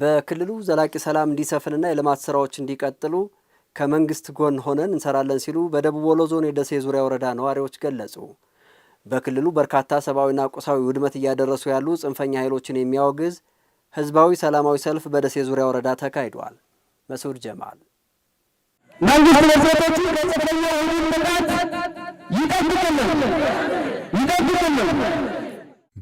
በክልሉ ዘላቂ ሰላም እንዲሰፍንና የልማት ስራዎች እንዲቀጥሉ ከመንግስት ጎን ሆነን እንሰራለን ሲሉ በደቡብ ወሎ ዞን የደሴ ዙሪያ ወረዳ ነዋሪዎች ገለጹ። በክልሉ በርካታ ሰብአዊና ቁሳዊ ውድመት እያደረሱ ያሉ ጽንፈኛ ኃይሎችን የሚያወግዝ ህዝባዊ ሰላማዊ ሰልፍ በደሴ ዙሪያ ወረዳ ተካሂዷል። መስዑድ ጀማል መንግስት ይጠብቅልን ይጠብቅልን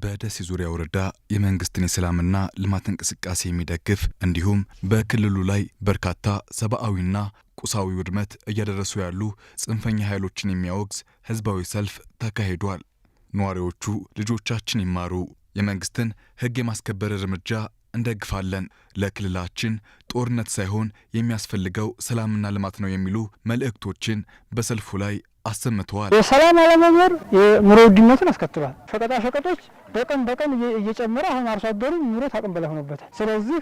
በደሴ ዙሪያ ወረዳ የመንግስትን የሰላምና ልማት እንቅስቃሴ የሚደግፍ እንዲሁም በክልሉ ላይ በርካታ ሰብአዊና ቁሳዊ ውድመት እያደረሱ ያሉ ጽንፈኛ ኃይሎችን የሚያወግዝ ህዝባዊ ሰልፍ ተካሂዷል። ነዋሪዎቹ ልጆቻችን ይማሩ፣ የመንግስትን ህግ የማስከበር እርምጃ እንደግፋለን፣ ለክልላችን ጦርነት ሳይሆን የሚያስፈልገው ሰላምና ልማት ነው የሚሉ መልእክቶችን በሰልፉ ላይ አሰምተዋል። የሰላም አለመኖር የኑሮ ውድነትን አስከትሏል። ሸቀጣ ሸቀጦች በቀን በቀን እየጨመረ አሁን አርሶ አደሩ ኑሮ አቅም በላይ ሆኖበታል። ስለዚህ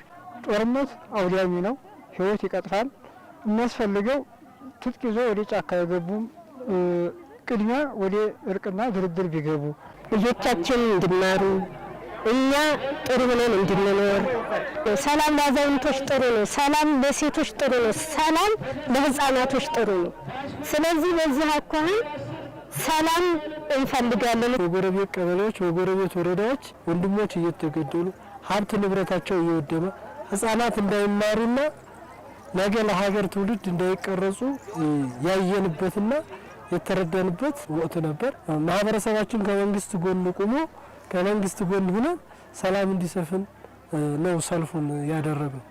ጦርነት አውዳሚ ነው፣ ህይወት ይቀጥፋል። የሚያስፈልገው ትጥቅ ይዞ ወደ ጫካ አይገቡም ቅድሚያ ወደ እርቅና ድርድር ቢገቡ ልጆቻችን እንድማሩ እኛ ጥሩ ሆነን እንድንኖር። ሰላም ለአዛውንቶች ጥሩ ነው። ሰላም ለሴቶች ጥሩ ነው። ሰላም ለሕፃናቶች ጥሩ ነው። ስለዚህ በዚህ አኳኋን ሰላም እንፈልጋለን። በጎረቤት ቀበሌዎች፣ በጎረቤት ወረዳዎች ወንድሞች እየተገደሉ ሀብት ንብረታቸው እየወደመ ሕፃናት እንዳይማሩና ነገ ለሀገር ትውልድ እንዳይቀረጹ ያየንበትና የተረዳንበት ወቅት ነበር። ማህበረሰባችን ከመንግስት ጎን ቁሞ ከመንግስት ጎን ሆነ ሰላም እንዲሰፍን ነው ሰልፉን ያደረገው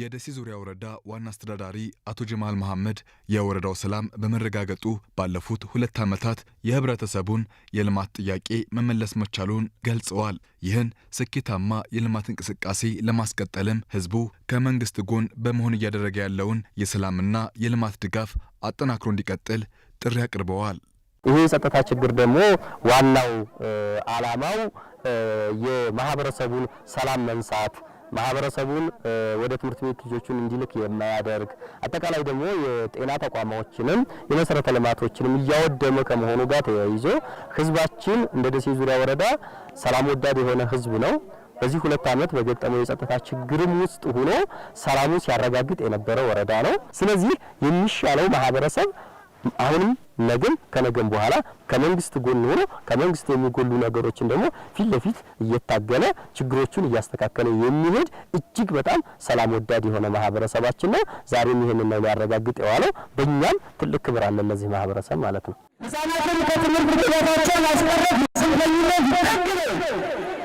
የደሴ ዙሪያ ወረዳ ዋና አስተዳዳሪ አቶ ጀማል መሐመድ የወረዳው ሰላም በመረጋገጡ ባለፉት ሁለት ዓመታት የህብረተሰቡን የልማት ጥያቄ መመለስ መቻሉን ገልጸዋል። ይህን ስኬታማ የልማት እንቅስቃሴ ለማስቀጠልም ህዝቡ ከመንግስት ጎን በመሆን እያደረገ ያለውን የሰላምና የልማት ድጋፍ አጠናክሮ እንዲቀጥል ጥሪ አቅርበዋል። ይህ የጸጥታ ችግር ደግሞ ዋናው አላማው የማህበረሰቡን ሰላም መንሳት ማህበረሰቡን ወደ ትምህርት ቤት ልጆቹን እንዲልክ የማያደርግ አጠቃላይ ደግሞ የጤና ተቋማዎችንም የመሰረተ ልማቶችንም እያወደመ ከመሆኑ ጋር ተያይዞ ህዝባችን እንደ ደሴ ዙሪያ ወረዳ ሰላም ወዳድ የሆነ ህዝብ ነው። በዚህ ሁለት ዓመት በገጠመው የጸጥታ ችግርም ውስጥ ሆኖ ሰላሙን ሲያረጋግጥ የነበረ ወረዳ ነው። ስለዚህ የሚሻለው ማህበረሰብ አሁንም ነገም ከነገም በኋላ ከመንግስት ጎን ሆኖ ከመንግስት የሚጎሉ ነገሮችን ደግሞ ፊት ለፊት እየታገለ ችግሮቹን እያስተካከለ የሚሄድ እጅግ በጣም ሰላም ወዳድ የሆነ ማህበረሰባችን ነው። ዛሬም ይህንን ነው ሊያረጋግጥ የዋለው። በእኛም ትልቅ ክብር አለ ለዚህ ማህበረሰብ ማለት ነው። ህጻናትን ከትምህርት ቤታቸው ማስቀረት ስንለኝነት